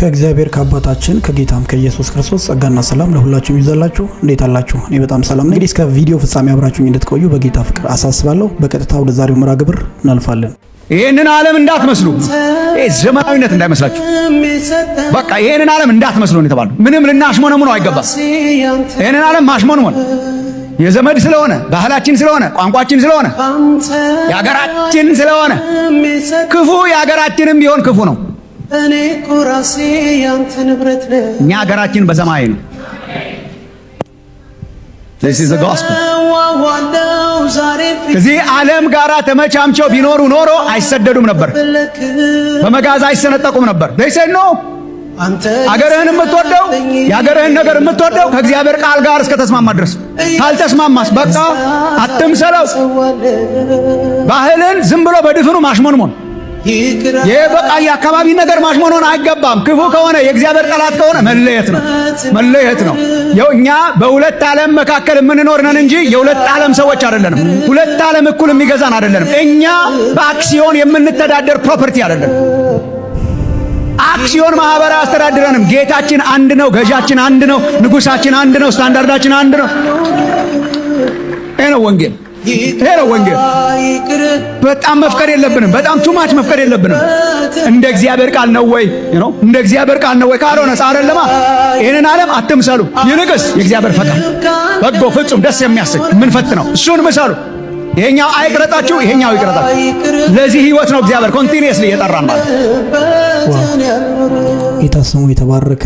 ከእግዚአብሔር ከአባታችን ከጌታም ከኢየሱስ ክርስቶስ ጸጋና ሰላም ለሁላችሁም ይዘላችሁ። እንዴት አላችሁ? እኔ በጣም ሰላም ነኝ። እንግዲህ እስከ ቪዲዮ ፍጻሜ አብራችሁኝ እንድትቆዩ በጌታ ፍቅር አሳስባለሁ። በቀጥታ ወደ ዛሬው ምራ ግብር እናልፋለን። ይህንን ዓለም እንዳትመስሉ፣ ዘመናዊነት እንዳይመስላችሁ። በቃ ይህንን ዓለም እንዳትመስሉ ነው የተባለው። ምንም ልናሽሞነሙ አይገባም። ይህንን ዓለም ማሽሞንሞን የዘመድ ስለሆነ ባህላችን ስለሆነ ቋንቋችን ስለሆነ የአገራችን ስለሆነ ክፉ የአገራችንም ቢሆን ክፉ ነው እኔ እኮ ራሴ ያንተ ንብረት ነኝ። እኛ ሀገራችን በሰማይ ነው። ከዚህ ዓለም ጋር ተመቻምቸው ቢኖሩ ኖሮ አይሰደዱም ነበር፣ በመጋዝ አይሰነጠቁም ነበር። ደይሰኖ አገርህን የምትወደው የአገርህን ነገር የምትወደው ከእግዚአብሔር ቃል ጋር እስከ ተስማማ ድረስ። ካልተስማማስ በቃ አትምሰለው። ባህልን ዝም ብሎ በድፍኑ ማሽሞንሞን ይህ በቃ የአካባቢ ነገር ማሽሞኖን አይገባም። ክፉ ከሆነ የእግዚአብሔር ጠላት ከሆነ መለየት ነው መለየት ነው። ያው እኛ በሁለት ዓለም መካከል የምንኖር ነን እንጂ የሁለት ዓለም ሰዎች አይደለንም። ሁለት ዓለም እኩል የሚገዛን አይደለንም። እኛ በአክሲዮን የምንተዳደር ፕሮፐርቲ አይደለም። አክሲዮን ማህበር አስተዳድረንም ጌታችን አንድ ነው፣ ገዣችን አንድ ነው፣ ንጉሳችን አንድ ነው፣ ስታንዳርዳችን አንድ ነው። ይሄ ነው ወንጌል። ይሄ ነው ወንጌል። በጣም መፍቀር የለብንም። በጣም ቱማች መፍቀር የለብንም። እንደ እግዚአብሔር ቃል ነው ወይ ነው? እንደ እግዚአብሔር ቃል ነው ወይ ካልሆነ አይደለማ። ይህንን ዓለም አትምሰሉ፣ ይልቅስ የእግዚአብሔር ፈቃድ በጎ፣ ፍጹም፣ ደስ የሚያሰኝ ምን ፈት ነው እሱን ምሰሉ። ይሄኛው አይቅረጣችሁ፣ ይሄኛው ይቅረጣችሁ። ለዚህ ህይወት ነው እግዚአብሔር ኮንቲኒየስሊ እየጠራን ማለት። የታሰሙ የተባረከ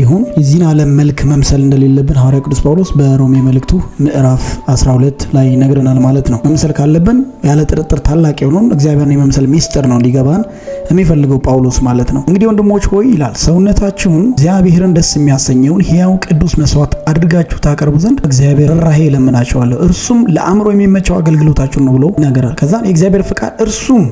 ይሁን የዚህን ዓለም መልክ መምሰል እንደሌለብን ሐዋርያ ቅዱስ ጳውሎስ በሮሜ መልእክቱ ምዕራፍ 12 ላይ ይነግረናል ማለት ነው። መምሰል ካለብን ያለ ጥርጥር ታላቅ የሆነውን እግዚአብሔርን የመምሰል ሚስጥር ነው ሊገባን የሚፈልገው ጳውሎስ ማለት ነው። እንግዲህ ወንድሞች ሆይ ይላል ሰውነታችሁን እግዚአብሔርን ደስ የሚያሰኘውን ሕያው ቅዱስ መስዋዕት አድርጋችሁ ታቀርቡ ዘንድ እግዚአብሔር ራሄ ለምናቸዋለሁ እርሱም ለአእምሮ የሚመቸው አገልግሎታችሁን ነው ብሎ ይናገራል። ከዛ የእግዚአብሔር ፍቃድ እርሱም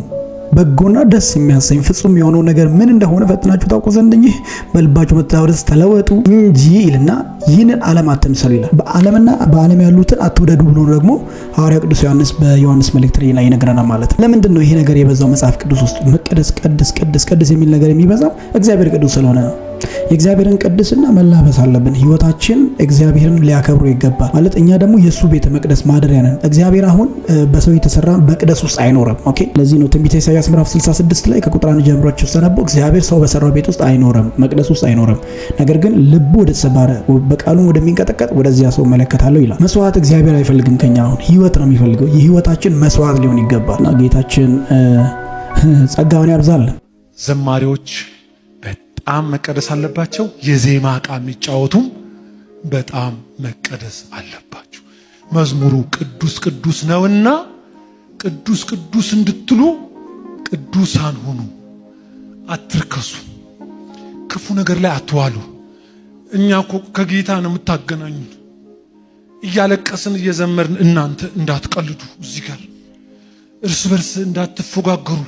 በጎና ደስ የሚያሰኝ ፍጹም የሆነው ነገር ምን እንደሆነ ፈጥናችሁ ታውቁ ዘንድ እንጂ በልባችሁ መታወርስ ተለወጡ እንጂ ይልና ይህንን ዓለም አትምሰሉ ይላል። በዓለምና በዓለም ያሉትን አትውደዱ ብሎ ደግሞ ሐዋርያ ቅዱስ ዮሐንስ በዮሐንስ መልእክት ላይ ይነግረናል ማለት ነው። ለምንድን ነው ይሄ ነገር የበዛው መጽሐፍ ቅዱስ ውስጥ መቀደስ፣ ቅድስ ቅድስ ቅድስ የሚል ነገር የሚበዛው? እግዚአብሔር ቅዱስ ስለሆነ ነው። የእግዚአብሔርን ቅድስና መላበስ አለብን። ህይወታችን እግዚአብሔርን ሊያከብሩ ይገባል። ማለት እኛ ደግሞ የእሱ ቤተ መቅደስ ማደሪያ ነን። እግዚአብሔር አሁን በሰው የተሰራ መቅደስ ውስጥ አይኖርም። ኦኬ። ለዚህ ነው ትንቢተ ኢሳያስ ምዕራፍ 66 ላይ ከቁጥር አንድ ጀምሮች ውስጥ ተነቦ እግዚአብሔር ሰው በሰራው ቤት ውስጥ አይኖርም፣ መቅደስ ውስጥ አይኖርም። ነገር ግን ልቡ ወደ ተሰባረ በቃሉም ወደሚንቀጠቀጥ ወደዚያ ሰው እመለከታለሁ ይላል። መስዋዕት እግዚአብሔር አይፈልግም ከኛ አሁን ህይወት ነው የሚፈልገው። የህይወታችን መስዋዕት ሊሆን ይገባል እና ጌታችን ጸጋውን ያብዛል። ዘማሪዎች በጣም መቀደስ አለባቸው። የዜማ ዕቃ የሚጫወቱም በጣም መቀደስ አለባቸው። መዝሙሩ ቅዱስ ቅዱስ ነውና ቅዱስ ቅዱስ እንድትሉ ቅዱሳን ሁኑ። አትርከሱ፣ ክፉ ነገር ላይ አትዋሉ። እኛ እኮ ከጌታ ነው የምታገናኙት። እያለቀስን እየዘመርን እናንተ እንዳትቀልዱ፣ እዚህ ጋር እርስ በርስ እንዳትፎጋገሩ፣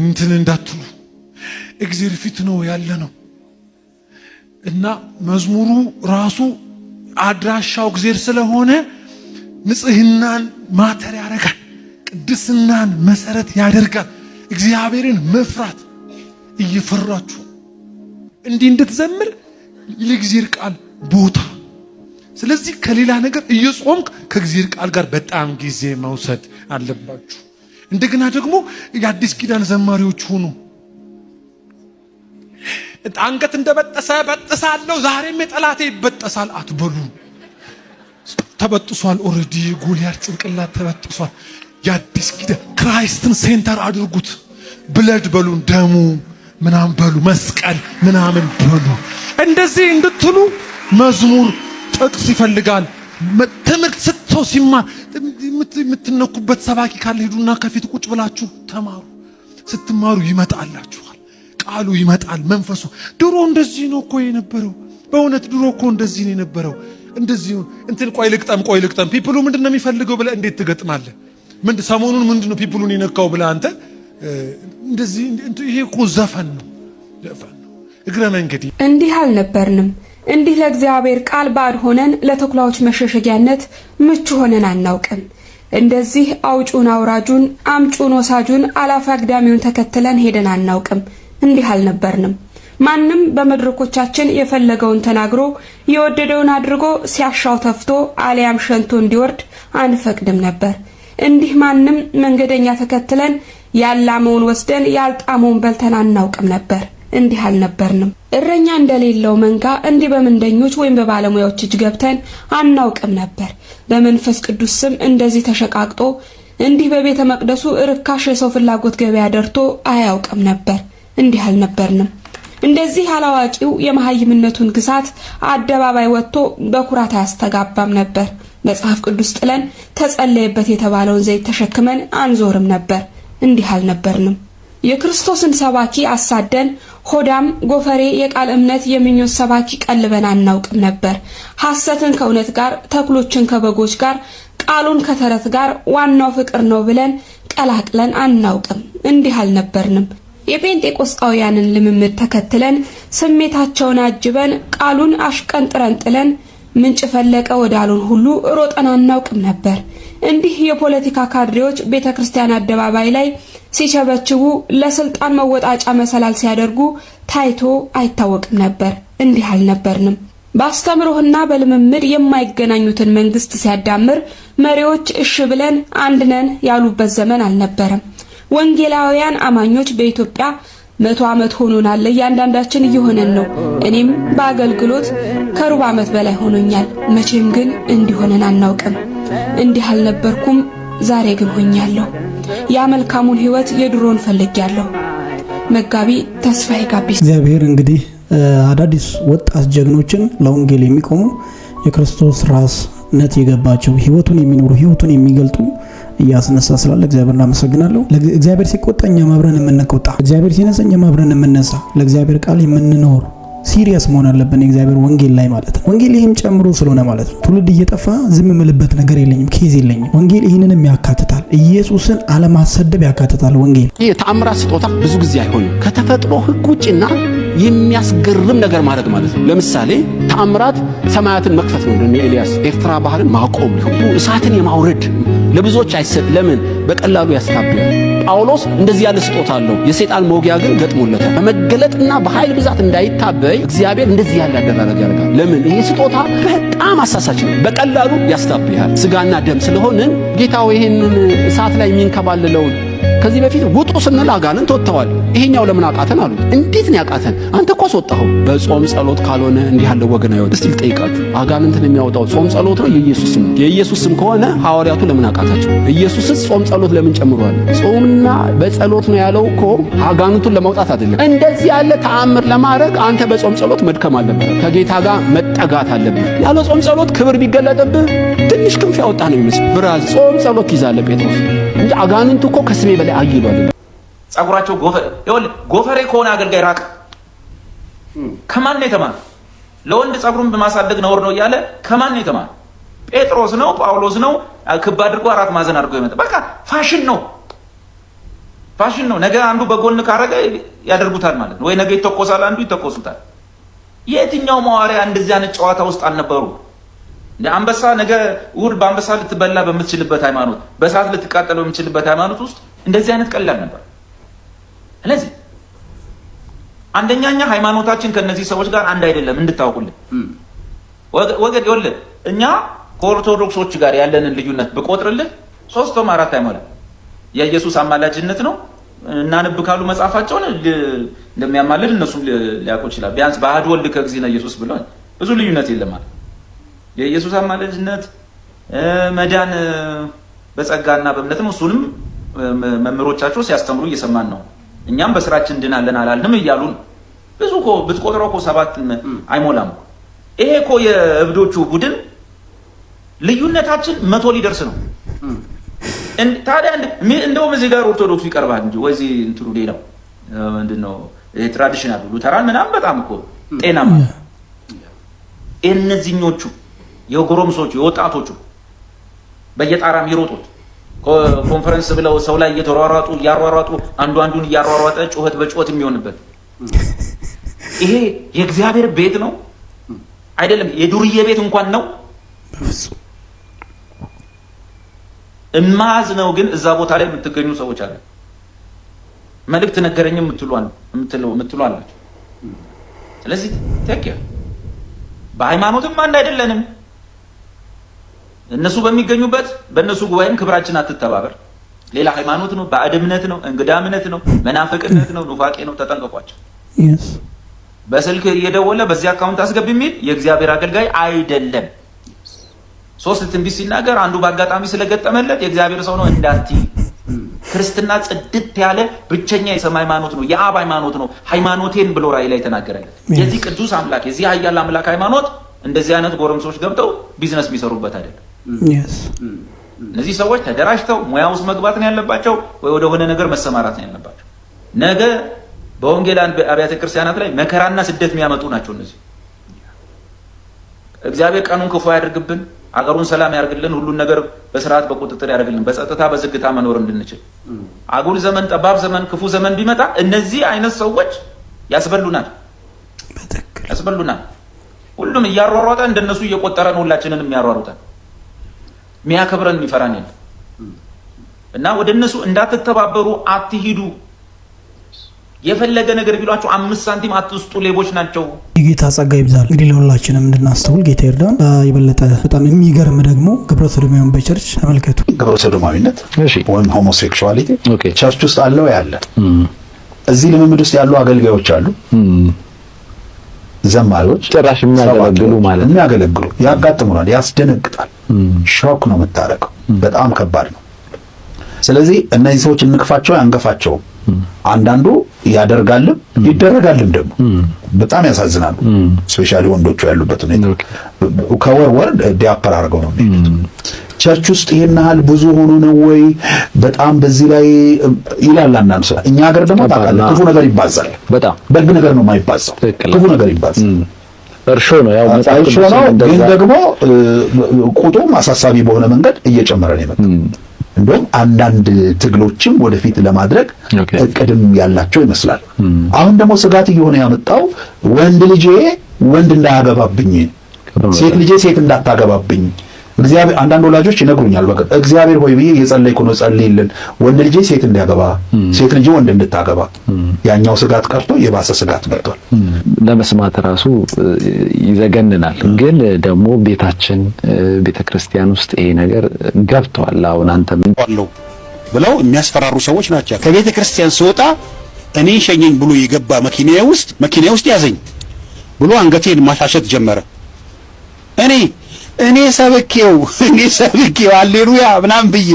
እንትን እንዳትሉ እግዚአብሔር ፊት ነው ያለ ነው እና መዝሙሩ ራሱ አድራሻው እግዚአብሔር ስለሆነ ንጽህናን ማተር ያደርጋል። ቅድስናን መሰረት ያደርጋል። እግዚአብሔርን መፍራት እየፈራችሁ እንዲህ እንድትዘምር ለእግዚአብሔር ቃል ቦታ። ስለዚህ ከሌላ ነገር እየጾምክ ከእግዚአብሔር ቃል ጋር በጣም ጊዜ መውሰድ አለባችሁ። እንደገና ደግሞ የአዲስ ኪዳን ዘማሪዎች ሁኑ። አንገት እንደበጠሰ በጥሳለሁ፣ ዛሬም የጠላቴ ይበጠሳል አትበሉ። ተበጥሷል። ኦልሬዲ ጎልያድ ጭንቅላት ተበጥሷል። የአዲስ ኪዳን ክራይስትን ሴንተር አድርጉት። ብለድ በሉን፣ ደሙ ምናምን በሉ፣ መስቀል ምናምን በሉ። እንደዚህ እንድትሉ መዝሙር ጥቅስ ይፈልጋል። ትምህርት ስተው ሲማ የምትነኩበት ሰባኪ ካለ ሂዱና ከፊት ቁጭ ብላችሁ ተማሩ። ስትማሩ ይመጣላችኋል። ቃሉ ይመጣል መንፈሱ። ድሮ እንደዚህ ነው እኮ የነበረው። በእውነት ድሮ እኮ እንደዚህ ነው የነበረው። እንደዚህ እንትን ቆይ ልቅጠም፣ ቆይ ልቅጠም፣ ፒፕሉ ምንድን ነው የሚፈልገው ብለ እንዴት ትገጥማለህ? ሰሞኑን ምንድን ነው ፒፕሉን የነካው ብለ አንተ እንደዚህ። ይሄ እኮ ዘፈን ነው፣ ዘፈን ነው። እግረ መንገድ እንዲህ አልነበርንም። እንዲህ ለእግዚአብሔር ቃል ባድ ሆነን ለተኩላዎች መሸሸጊያነት ምቹ ሆነን አናውቅም። እንደዚህ አውጩን አውራጁን አምጩን ወሳጁን አላፊ አግዳሚውን ተከትለን ሄደን አናውቅም። እንዲህ አልነበርንም። ማንም በመድረኮቻችን የፈለገውን ተናግሮ የወደደውን አድርጎ ሲያሻው ተፍቶ አሊያም ሸንቶ እንዲወርድ አንፈቅድም ነበር። እንዲህ ማንም መንገደኛ ተከትለን ያላመውን ወስደን ያልጣመውን በልተን አናውቅም ነበር። እንዲህ አልነበርንም። እረኛ እንደሌለው መንጋ እንዲህ በምንደኞች ወይም በባለሙያዎች እጅ ገብተን አናውቅም ነበር። በመንፈስ ቅዱስ ስም እንደዚህ ተሸቃቅጦ እንዲህ በቤተ መቅደሱ ርካሽ የሰው ፍላጎት ገበያ ደርቶ አያውቅም ነበር። እንዲህ አልነበርንም። እንደዚህ አላዋቂው የመሀይምነቱን ግሳት አደባባይ ወጥቶ በኩራት አያስተጋባም ነበር። መጽሐፍ ቅዱስ ጥለን ተጸለየበት የተባለውን ዘይት ተሸክመን አንዞርም ነበር። እንዲህ አልነበርንም። የክርስቶስን ሰባኪ አሳደን ሆዳም ጎፈሬ የቃል እምነት የምኞት ሰባኪ ቀልበን አናውቅም ነበር። ሐሰትን ከእውነት ጋር፣ ተኩሎችን ከበጎች ጋር፣ ቃሉን ከተረት ጋር ዋናው ፍቅር ነው ብለን ቀላቅለን አናውቅም። እንዲህ አልነበርንም። የጴንጤቆስጣውያንን ልምምድ ተከትለን ስሜታቸውን አጅበን ቃሉን አሽቀንጥረን ጥለን ምንጭ ፈለቀ ወዳሉን ሁሉ ሮጠን አናውቅም ነበር። እንዲህ የፖለቲካ ካድሬዎች ቤተ ክርስቲያን አደባባይ ላይ ሲቸበችቡ፣ ለስልጣን መወጣጫ መሰላል ሲያደርጉ ታይቶ አይታወቅም ነበር። እንዲህ አልነበርንም። በአስተምሮህና በልምምድ የማይገናኙትን መንግስት ሲያዳምር መሪዎች እሽ ብለን አንድነን ያሉበት ዘመን አልነበረም። ወንጌላውያን አማኞች በኢትዮጵያ መቶ ዓመት ሆኖናል። እያንዳንዳችን እየሆነን ነው። እኔም በአገልግሎት ከሩብ ዓመት በላይ ሆኖኛል። መቼም ግን እንዲሆነን አናውቅም። እንዲህ አልነበርኩም፣ ዛሬ ግን ሆኛለሁ። ያ መልካሙን ህይወት የድሮን ፈልጌያለሁ። መጋቢ ተስፋዬ ጋቢሳ። እግዚአብሔር እንግዲህ አዳዲስ ወጣት ጀግኖችን ለወንጌል የሚቆሙ የክርስቶስ ራስነት የገባቸው ህይወቱን የሚኖሩ ህይወቱን የሚገልጡ እያስነሳ ስላለ እግዚአብሔር እናመሰግናለሁ። እግዚአብሔር ሲቆጣ እኛ አብረን የምንቆጣ፣ እግዚአብሔር ሲነሳ እኛ አብረን የምንነሳ፣ ለእግዚአብሔር ቃል የምንኖር ሲሪየስ መሆን አለብን። እግዚአብሔር ወንጌል ላይ ማለት ነው። ወንጌል ይህም ጨምሮ ስለሆነ ማለት ነው። ትውልድ እየጠፋ ዝም የምልበት ነገር የለኝም፣ ኬዝ የለኝም። ወንጌል ይህንንም ያካትታል። ኢየሱስን አለማሰደብ ያካትታል። ወንጌል ይህ ተአምራት ስጦታ ብዙ ጊዜ አይሆንም ከተፈጥሮ ህግ ውጭና የሚያስገርም ነገር ማድረግ ማለት ነው። ለምሳሌ ተአምራት ሰማያትን መክፈት ነው። እንደ ኤልያስ ኤርትራ ባህርን ማቆም ሊሆን እሳትን የማውረድ ለብዙዎች አይሰጥ። ለምን? በቀላሉ ያስታብያል። ጳውሎስ እንደዚህ ያለ ስጦታ አለው። የሰይጣን መውጊያ ግን ገጥሞለታል። በመገለጥና በኃይል ብዛት እንዳይታበይ እግዚአብሔር እንደዚህ ያለ አደራረግ ያደርጋል። ለምን? ይሄ ስጦታ በጣም አሳሳች ነው። በቀላሉ ያስታብያል። ስጋና ደም ስለሆንን ጌታው ይህንን እሳት ላይ የሚንከባልለውን ከዚህ በፊት ውጡ ስንል አጋንንት ወጥተዋል። ይሄኛው ለምን አቃተን አሉት። እንዴት ነው ያቃተን? አንተ እኮ አስወጣኸው። በጾም ጸሎት ካልሆነ እንዲህ ያለው ወገን አይወጥ። እስቲ ልጠይቃችሁ፣ አጋንንትን የሚያወጣው ጾም ጸሎት ነው የኢየሱስ ስም? የኢየሱስ ስም ከሆነ ሐዋርያቱ ለምን አቃታቸው? ኢየሱስስ ጾም ጸሎት ለምን ጨምሯል? ጾምና በጸሎት ነው ያለው እኮ አጋንንቱን ለማውጣት አይደለም። እንደዚህ ያለ ተአምር ለማድረግ አንተ በጾም ጸሎት መድከም አለብህ። ከጌታ ጋር መጠጋት አለብህ። ያለ ጾም ጸሎት ክብር ቢገለጥብህ ትንሽ ክንፍ ያወጣ ነው የሚመስል ብራዝ ጾም ጸሎት ይዛለ ጴጥሮስ እንጂ አጋንንቱ እኮ ከስሜ በላይ አይሉ አይደለም። ጸጉራቸው ጎፈሬ ይሁን ጎፈሬ ከሆነ አገልጋይ ራቅ። ከማን ነው የተማረ? ለወንድ ጸጉሩን በማሳደግ ነውር ነው እያለ ከማን ነው የተማረ? ጴጥሮስ ነው ጳውሎስ ነው ክብ አድርጎ አራት ማዘን አድርጎ የመጣ በቃ ፋሽን ነው ፋሽን ነው። ነገ አንዱ በጎን ካረገ ያደርጉታል ማለት ነው ወይ ነገ ይተኮሳል፣ አንዱ ይተኮሱታል። የትኛው ሐዋርያ እንደዚህ አይነት ጨዋታ ውስጥ አልነበሩ። አንበሳ ነገ እሑድ በአንበሳ ልትበላ በምትችልበት ሃይማኖት፣ በእሳት ልትቃጠል በምትችልበት ሃይማኖት ውስጥ እንደዚህ አይነት ቀላል ነበር። ስለዚህ አንደኛኛ ሃይማኖታችን ከነዚህ ሰዎች ጋር አንድ አይደለም እንድታውቁልን ወገድ ወለ እኛ ከኦርቶዶክሶች ጋር ያለንን ልዩነት ብቆጥርልን ሶስቶም አራት አይሞላም። የኢየሱስ አማላጅነት ነው እናንብ ካሉ መጽሐፋቸውን እንደሚያማልድ እነሱም ሊያውቁ ይችላል። ቢያንስ በአህድ ወልድ ከእግዚእነ ኢየሱስ ብሎ ብዙ ልዩነት የለማል። የኢየሱስ አማላጅነት መዳን በጸጋና በእምነትም እሱንም መምህሮቻቸው ሲያስተምሩ እየሰማን ነው። እኛም በስራችን እንድናለን አላልንም እያሉን ብዙ እኮ ብትቆጥረው እኮ ሰባት አይሞላም። ይሄ እኮ የእብዶቹ ቡድን ልዩነታችን መቶ ሊደርስ ነው። ታዲያ እንደውም እዚህ ጋር ኦርቶዶክሱ ይቀርባል እንጂ ወይዚህ እንትኑ ሌላው ምንድን ነው ትራዲሽናል ሉተራን ምናምን በጣም እኮ ጤናማ እነዚህኞቹ የጎረምሶቹ የወጣቶቹ በየጣራ የሚሮጡት ኮንፈረንስ ብለው ሰው ላይ እየተሯሯጡ እያሯሯጡ አንዱ አንዱን እያሯሯጠ ጩኸት በጩኸት የሚሆንበት ይሄ የእግዚአብሔር ቤት ነው አይደለም። የዱርዬ ቤት እንኳን ነው እማዝ ነው። ግን እዛ ቦታ ላይ የምትገኙ ሰዎች አለ መልእክት ነገረኝ የምትሉ አላቸው። ስለዚህ ተኪያ በሃይማኖትም አንድ አይደለንም። እነሱ በሚገኙበት በእነሱ ጉባኤም ክብራችን አትተባበር። ሌላ ሃይማኖት ነው፣ ባዕድ እምነት ነው፣ እንግዳ እምነት ነው፣ መናፍቅነት ነው፣ ኑፋቄ ነው። ተጠንቀቋቸው። በስልክ እየደወለ በዚህ አካውንት አስገብ የሚል የእግዚአብሔር አገልጋይ አይደለም። ሶስት ትንቢት ሲናገር አንዱ በአጋጣሚ ስለገጠመለት የእግዚአብሔር ሰው ነው እንዳትይ። ክርስትና ጽድት ያለ ብቸኛ የሰማ ሃይማኖት ነው፣ የአብ ሃይማኖት ነው። ሃይማኖቴን ብሎ ራእይ ላይ ተናገረለት። የዚህ ቅዱስ አምላክ የዚህ ኃያል አምላክ ሃይማኖት እንደዚህ አይነት ጎረምሶች ገብተው ቢዝነስ የሚሰሩበት አይደለም። እነዚህ ሰዎች ተደራጅተው ሙያ ውስጥ መግባት ነው ያለባቸው፣ ወይ ወደሆነ ነገር መሰማራት ነው ያለባቸው። ነገ በወንጌላን አብያተ ክርስቲያናት ላይ መከራና ስደት የሚያመጡ ናቸው። እነዚህ እግዚአብሔር ቀኑን ክፉ ያደርግብን፣ አገሩን ሰላም ያደርግልን፣ ሁሉን ነገር በስርዓት በቁጥጥር ያደርግልን፣ በጸጥታ በዝግታ መኖር እንድንችል። አጉል ዘመን፣ ጠባብ ዘመን፣ ክፉ ዘመን ቢመጣ እነዚህ አይነት ሰዎች ያስበሉናል፣ ያስበሉናል። ሁሉም እያሯሯጠ እንደነሱ እየቆጠረን ሁላችንን የሚያሯሩጠን ሚያከብረን የሚፈራን የለም። እና ወደ እነሱ እንዳትተባበሩ አትሂዱ። የፈለገ ነገር ቢሏቸው አምስት ሳንቲም አትስጡ፣ ሌቦች ናቸው። የጌታ ጸጋ ይብዛል። እንግዲህ ለሁላችንም እንድናስተውል ጌታ ይርዳን። የበለጠ በጣም የሚገርም ደግሞ ግብረ ሰዶማዊን በቸርች ተመልከቱ። ግብረ ሰዶማዊነት ወይም ሆሞሴክሹዋሊቲ ቸርች ውስጥ አለው ያለ እዚህ ልምምድ ውስጥ ያሉ አገልጋዮች አሉ ዘማሪዎች ጭራሽ የሚያገለግሉ ማለት የሚያገለግሉ ያጋጥሙናል። ያስደነግጣል። ሾክ ነው የምታደርገው። በጣም ከባድ ነው። ስለዚህ እነዚህ ሰዎች እንግፋቸው አንገፋቸውም። አንዳንዱ ያደርጋልም ይደረጋልም ደግሞ በጣም ያሳዝናሉ። ስፔሻሊ ወንዶቹ ያሉበት ሁኔታ ከወር ወር ዲያፐር አድርገው ነው የሚሄዱት። ቸርች ውስጥ ይህን ያህል ብዙ ሆኖ ነው ወይ? በጣም በዚህ ላይ ይላል አንዳንድ ሰው። እኛ ሀገር ደግሞ ታውቃለህ ክፉ ነገር ይባዛል። በጣም በግ ነገር ነው የማይባዛው፣ ክፉ ነገር ይባዛል። እርሾ ነው ያው እርሾ ነው፣ ግን ደግሞ ቁጡም አሳሳቢ በሆነ መንገድ እየጨመረ ነው የመጣው። እንደውም አንዳንድ ትግሎችም ወደፊት ለማድረግ እቅድም ያላቸው ይመስላል። አሁን ደግሞ ስጋት እየሆነ ያመጣው ወንድ ልጄ ወንድ እንዳያገባብኝ፣ ሴት ልጄ ሴት እንዳታገባብኝ እግዚአብሔር አንዳንድ ወላጆች ይነግሩኛል፣ በቃ እግዚአብሔር ሆይ ብዬ እየጸለይኩ ነው፣ ጸልይልን ወንድ ልጄ ሴት እንዲያገባ፣ ሴት ልጄ ወንድ እንድታገባ። ያኛው ስጋት ቀርቶ የባሰ ስጋት መጥቷል። ለመስማት ራሱ ይዘገንናል። ግን ደግሞ ቤታችን ቤተክርስቲያን ውስጥ ይሄ ነገር ገብቷል። አሁን አንተ ብለው የሚያስፈራሩ ሰዎች ናቸው። ከቤተ ክርስቲያን ስወጣ እኔ ሸኘኝ ብሎ የገባ መኪናዬ ውስጥ መኪናዬ ውስጥ ያዘኝ ብሎ አንገቴን ማሻሸት ጀመረ እኔ እኔ ሰብኬው እኔ ሰብኬው አሌሉያ ምናምን ብዬ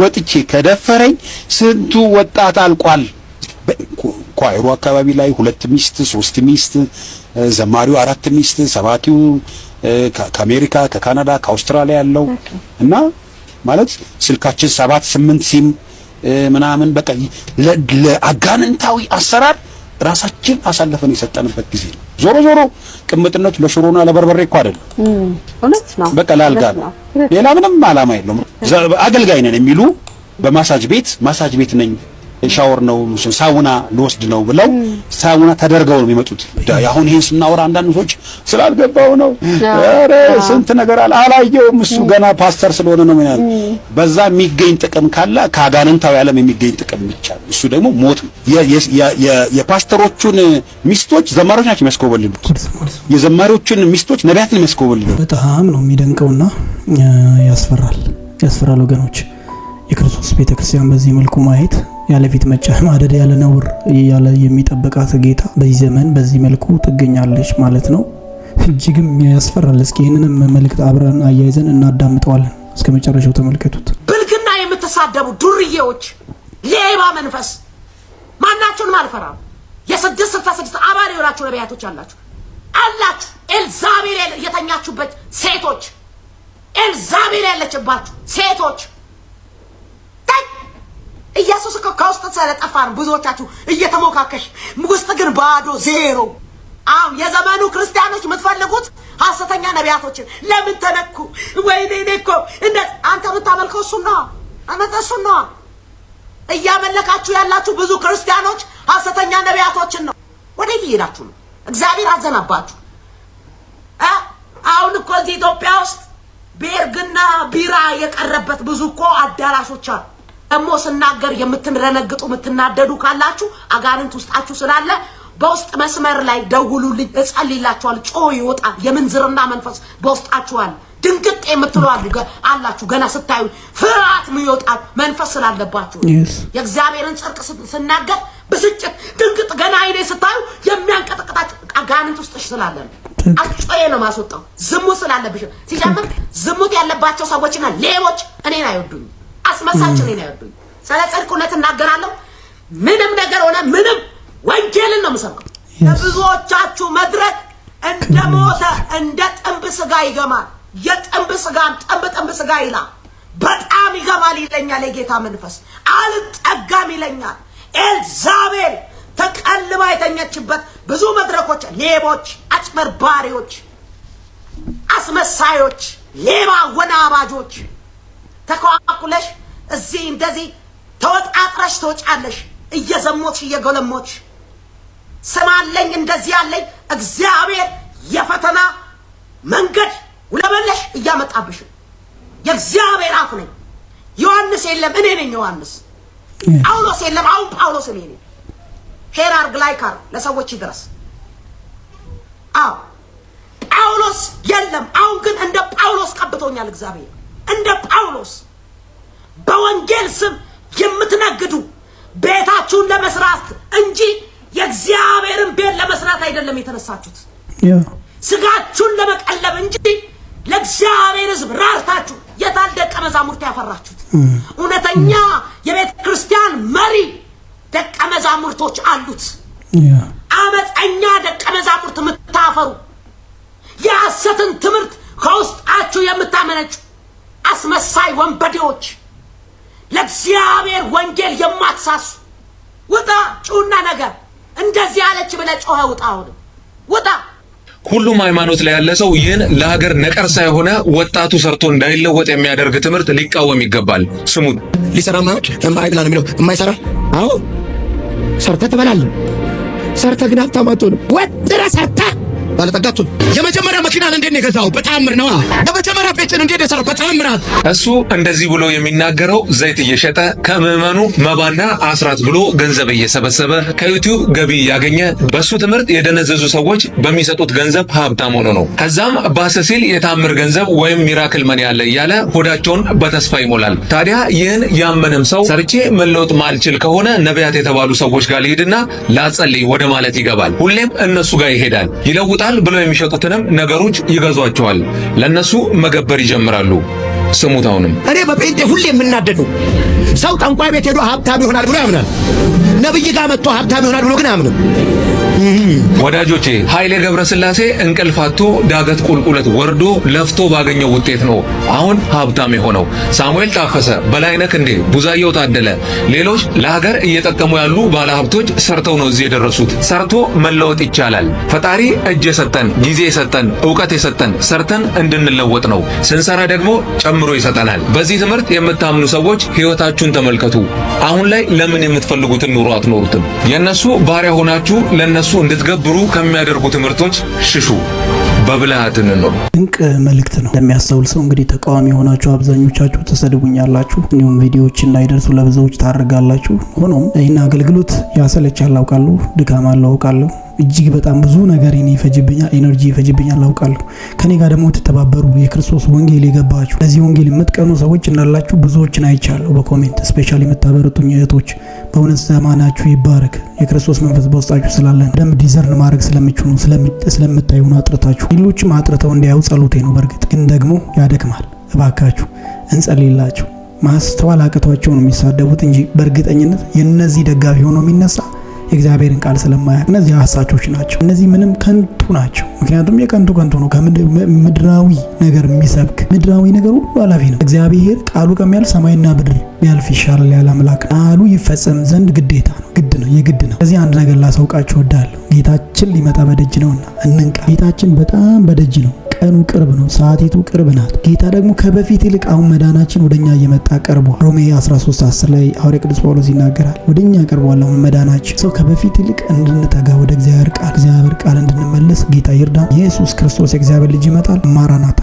ወጥቼ ከደፈረኝ ስንቱ ወጣት አልቋል። ኳይሮ አካባቢ ላይ ሁለት ሚስት ሶስት ሚስት፣ ዘማሪው አራት ሚስት፣ ሰባኪው ከአሜሪካ ከካናዳ ከአውስትራሊያ ያለው እና ማለት ስልካችን ሰባት ስምንት ሲም ምናምን በቃ ለአጋንንታዊ አሰራር ራሳችን አሳልፈን የሰጠንበት ጊዜ ነው። ዞሮ ዞሮ ቅምጥነቱ ለሽሮና ለበርበሬ እኮ አይደለም፣ እውነት ነው። በቃ ላልጋ ነው። ሌላ ምንም አላማ የለውም። አገልጋይ ነን የሚሉ በማሳጅ ቤት ማሳጅ ቤት ነኝ ሻወር ነው ሳውና ልወስድ ነው ብለው ሳውና ተደርገው ነው የሚመጡት። አሁን ይህን ስናወራ አንዳንድ ሰዎች ስላልገባው ነው፣ ኧረ ስንት ነገር አለ አላየውም እሱ ገና ፓስተር ስለሆነ ነው ማለት። በዛ የሚገኝ ጥቅም ካለ ከአጋንንታዊ ዓለም የሚገኝ ጥቅም ብቻ ነው። እሱ ደግሞ ሞት ነው። የፓስተሮቹን ሚስቶች ዘማሪዎች ናቸው የሚያስኮበልሉት፣ የዘማሪዎቹን ሚስቶች ነቢያትን የሚያስኮበልሉት። በጣም ነው የሚደንቀውና ያስፈራል፣ ያስፈራል ወገኖች የክርስቶስ ቤተክርስቲያን በዚህ መልኩ ማየት ያለፊት ማደድ ያለ ነውር እያለ የሚጠብቃት ጌታ በዚህ ዘመን በዚህ መልኩ ትገኛለች ማለት ነው። እጅግም ያስፈራል። እስኪ ይህንንም መልእክት አብረን አያይዘን እናዳምጠዋለን። እስከ መጨረሻው ተመልከቱት። ብልግና የምትሳደቡ ዱርዬዎች፣ ሌባ መንፈስ ማናቸውን አልፈራም። የስድስት ስልሳ ስድስት አባል የሆናችሁ ነቢያቶች አላችሁ አላችሁ ኤልዛቤል የተኛችሁበት ሴቶች ኤልዛቤል ያለችባችሁ ሴቶች ኢየሱስ እኮ ከውስጥ ስለጠፋ ነው። ብዙዎቻችሁ እየተሞካከሽ ውስጥ ግን ባዶ ዜሮ። አሁን የዘመኑ ክርስቲያኖች የምትፈልጉት ሐሰተኛ ነቢያቶችን ለምን ተነኩ? ወይኔ እኔ እኮ እንደ አንተ የምታመልከው እሱን ነዋ፣ አመጠ እሱን ነዋ። እያመለካችሁ ያላችሁ ብዙ ክርስቲያኖች ሐሰተኛ ነቢያቶችን ነው። ወዴት እየሄዳችሁ ነው? እግዚአብሔር አዘናባችሁ። አሁን እኮ እዚህ ኢትዮጵያ ውስጥ ቤርግና ቢራ የቀረበት ብዙ እኮ አዳራሾች አሉ። ደግሞ ስናገር የምትረነግጡ የምትናደዱ ካላችሁ አጋንንት ውስጣችሁ ስላለ በውስጥ መስመር ላይ ደውሉልኝ፣ እጸልይላችኋል። ጮህ ይወጣል። የምንዝርና መንፈስ በውስጣችኋል። ድንግጥ የምትለዋሉ አላችሁ። ገና ስታዩ ፍርሃት የሚወጣ መንፈስ ስላለባችሁ የእግዚአብሔርን ጽድቅ ስናገር ብስጭት፣ ድንግጥ ገና አይኔ ስታዩ የሚያንቀጠቅጣችሁ አጋንንት ውስጥሽ ስላለ ነው። አጮዬ ነው ማስወጣው። ዝሙት ስላለብሽ ሲጀምር ዝሙት ያለባቸው ሰዎችና ሌቦች እኔን አይወዱኝ አስመሳች እኔ ነው ያሉኝ። ስለ ጽድቅ እናገራለሁ። ምንም ነገር ሆነ ምንም ወንጌልን ነው የምሰብከው። ለብዙዎቻችሁ መድረክ እንደ ሞተ እንደ ጥንብ ስጋ ይገማል። የጥንብ ስጋም ጥንብ ጥንብ ስጋ ይላል። በጣም ይገማል ይለኛል። የጌታ መንፈስ አልጠጋም ይለኛል። ኤልዛቤል ተቀልባ የተኛችበት ብዙ መድረኮች፣ ሌቦች፣ አጭበርባሪዎች፣ አስመሳዮች፣ ሌባ ወናባጆች ተኳኩለሽ እዚህ እንደዚህ ተወጣጥረሽ ተወጫለሽ፣ እየዘሞች እየጎለሞች ስማለኝ፣ እንደዚህ ያለኝ እግዚአብሔር የፈተና መንገድ ውለበለሽ እያመጣብሽ የእግዚአብሔር አፍ ነኝ። ዮሐንስ የለም እኔ ነኝ ዮሐንስ። ጳውሎስ የለም አሁን ጳውሎስ እኔ ነኝ። ሄራር ግላይካር ለሰዎች ይድረስ። አዎ ጳውሎስ የለም አሁን ግን እንደ ጳውሎስ ቀብቶኛል እግዚአብሔር እንደ ጳውሎስ በወንጌል ስም የምትነግዱ ቤታችሁን ለመስራት እንጂ የእግዚአብሔርን ቤት ለመስራት አይደለም የተነሳችሁት። ስጋችሁን ለመቀለብ እንጂ ለእግዚአብሔር ሕዝብ ራርታችሁ የታል ደቀ መዛሙርት ያፈራችሁት? እውነተኛ የቤተ ክርስቲያን መሪ ደቀ መዛሙርቶች አሉት። አመፀኛ ደቀ መዛሙርት የምታፈሩ የሐሰትን ትምህርት ከውስጣችሁ የምታመነጩ አስመሳይ ወንበዴዎች ለእግዚአብሔር ወንጌል የማትሳሱ ውጣ፣ ጩና ነገር እንደዚህ አለች ብለህ ጮኸ ውጣ፣ አሁንም ውጣ። ሁሉም ሃይማኖት ላይ ያለ ሰው ይህን ለሀገር ነቀርሳ የሆነ ወጣቱ ሰርቶ እንዳይለወጥ የሚያደርግ ትምህርት ሊቃወም ይገባል። ስሙት። ሊሰራ ማይወድ እምባይ ነው የሚለው። የማይሰራ አዎ፣ ሰርተ ትበላለህ። ሰርተ ግን ሀብታም አትሆንም። ወጥረ ሰርታ ባለጠጋቱ የመጀመሪያ መኪናን እንዴት ነው የገዛው? በተአምር ነዋ። የመጀመሪያ ቤትን እንዴት የሰራው? በተአምራት። እሱ እንደዚህ ብሎ የሚናገረው ዘይት እየሸጠ ከምዕመኑ መባና አስራት ብሎ ገንዘብ እየሰበሰበ ከዩቲዩብ ገቢ እያገኘ በሱ ትምህርት የደነዘዙ ሰዎች በሚሰጡት ገንዘብ ሀብታም ሆኖ ነው። ከዛም ባሰ ሲል የታምር ገንዘብ ወይም ሚራክል መን ያለ እያለ ሆዳቸውን በተስፋ ይሞላል። ታዲያ ይህን ያመነም ሰው ሰርቼ መለወጥ ማልችል ከሆነ ነቢያት የተባሉ ሰዎች ጋር ሊሄድና ላጸልይ ወደ ማለት ይገባል። ሁሌም እነሱ ጋር ይሄዳል ይለውጣል ይሸጡታል ብለው የሚሸጡትንም ነገሮች ይገዟቸዋል። ለነሱ መገበር ይጀምራሉ። ስሙት። አሁንም እኔ በጴንጤ ሁሌ የምናደደው ሰው ጠንቋይ ቤት ሄዶ ሀብታም ይሆናል ብሎ ያምናል። ነብይ ጋር መጥቶ ሀብታም ይሆናል ብሎ ግን አያምንም። ወዳጆቼ ኃይሌ ገብረስላሴ እንቅልፋቶ ዳገት ቁልቁለት ወርዶ ለፍቶ ባገኘው ውጤት ነው አሁን ሀብታም የሆነው። ሳሙኤል ታፈሰ፣ በላይነክ እንዴ፣ ቡዛየው ታደለ፣ ሌሎች ለሀገር እየጠቀሙ ያሉ ባለሀብቶች ሰርተው ነው እዚህ የደረሱት። ሰርቶ መለወጥ ይቻላል። ፈጣሪ እጅ የሰጠን ጊዜ የሰጠን እውቀት የሰጠን ሰርተን እንድንለወጥ ነው። ስንሰራ ደግሞ አስተምሮ ይሰጠናል። በዚህ ትምህርት የምታምኑ ሰዎች ሕይወታችሁን ተመልከቱ። አሁን ላይ ለምን የምትፈልጉትን ኑሮ አትኖሩትም? የእነሱ ባሪያ ሆናችሁ ለእነሱ እንድትገብሩ ከሚያደርጉ ትምህርቶች ሽሹ። በብልሃት ነው። ድንቅ መልእክት ነው ለሚያስተውል ሰው። እንግዲህ ተቃዋሚ የሆናችሁ አብዛኞቻችሁ ተሰድቡኛላችሁ፣ እንዲሁም ቪዲዮዎች እንዳይደርሱ ለብዙዎች ታደርጋላችሁ። ሆኖም ይህን አገልግሎት ያሰለቻል አውቃለሁ፣ ድካም አለው አውቃለሁ። እጅግ በጣም ብዙ ነገር ኔ ይፈጅብኛል፣ ኤነርጂ ይፈጅብኛል አውቃለሁ። ከኔ ጋር ደግሞ የምትተባበሩ የክርስቶስ ወንጌል የገባችሁ ለዚህ ወንጌል የምትቀኑ ሰዎች እንዳላችሁ ብዙዎችን አይቻለሁ በኮሜንት ስፔሻል የምታበረቱኝ እህቶች፣ በእውነት ዘማናችሁ ይባረክ። የክርስቶስ መንፈስ በውስጣችሁ ስላለ ደንብ ዲዘርን ማድረግ ስለምችሉ ስለምታዩኑ አጥርታችሁ ሌሎችም አጥርተው እንዲያዩ ጸሎቴ ነው። በእርግጥ ግን ደግሞ ያደክማል። እባካችሁ እንጸልይላችሁ። ማስተዋል አቅቷቸው ነው የሚሳደቡት እንጂ በእርግጠኝነት የእነዚህ ደጋፊ ሆኖ የሚነሳ የእግዚአብሔርን ቃል ስለማያውቅ እነዚህ ሀሳቾች ናቸው። እነዚህ ምንም ከንቱ ናቸው። ምክንያቱም የከንቱ ከንቱ ነው። ከምድራዊ ነገር የሚሰብክ ምድራዊ ነገር ሁሉ አላፊ ነው። እግዚአብሔር ቃሉ ከሚያልፍ ሰማይና ምድር ቢያልፍ ይሻላል ያለ አምላክ ቃሉ ይፈጸም ዘንድ ግዴታ ነው፣ ግድ ነው፣ የግድ ነው። ስለዚህ አንድ ነገር ላሳውቃችሁ እወዳለሁ። ጌታችን ሊመጣ በደጅ ነውና እንንቃ። ጌታችን በጣም በደጅ ነው። ቀኑ ቅርብ ነው፣ ሰዓቲቱ ቅርብ ናት። ጌታ ደግሞ ከበፊት ይልቅ አሁን መዳናችን ወደኛ እየመጣ ቀርቧል። ሮሜ 13 10 ላይ ሐዋርያ ቅዱስ ጳውሎስ ይናገራል። ወደኛ ቀርቧል አሁን መዳናችን። ሰው ከበፊት ይልቅ እንድንተጋ ወደ እግዚአብሔር ቃል እግዚአብሔር ቃል እንድንመለስ ጌታ ይርዳን። ኢየሱስ ክርስቶስ የእግዚአብሔር ልጅ ይመጣል። ማራናታ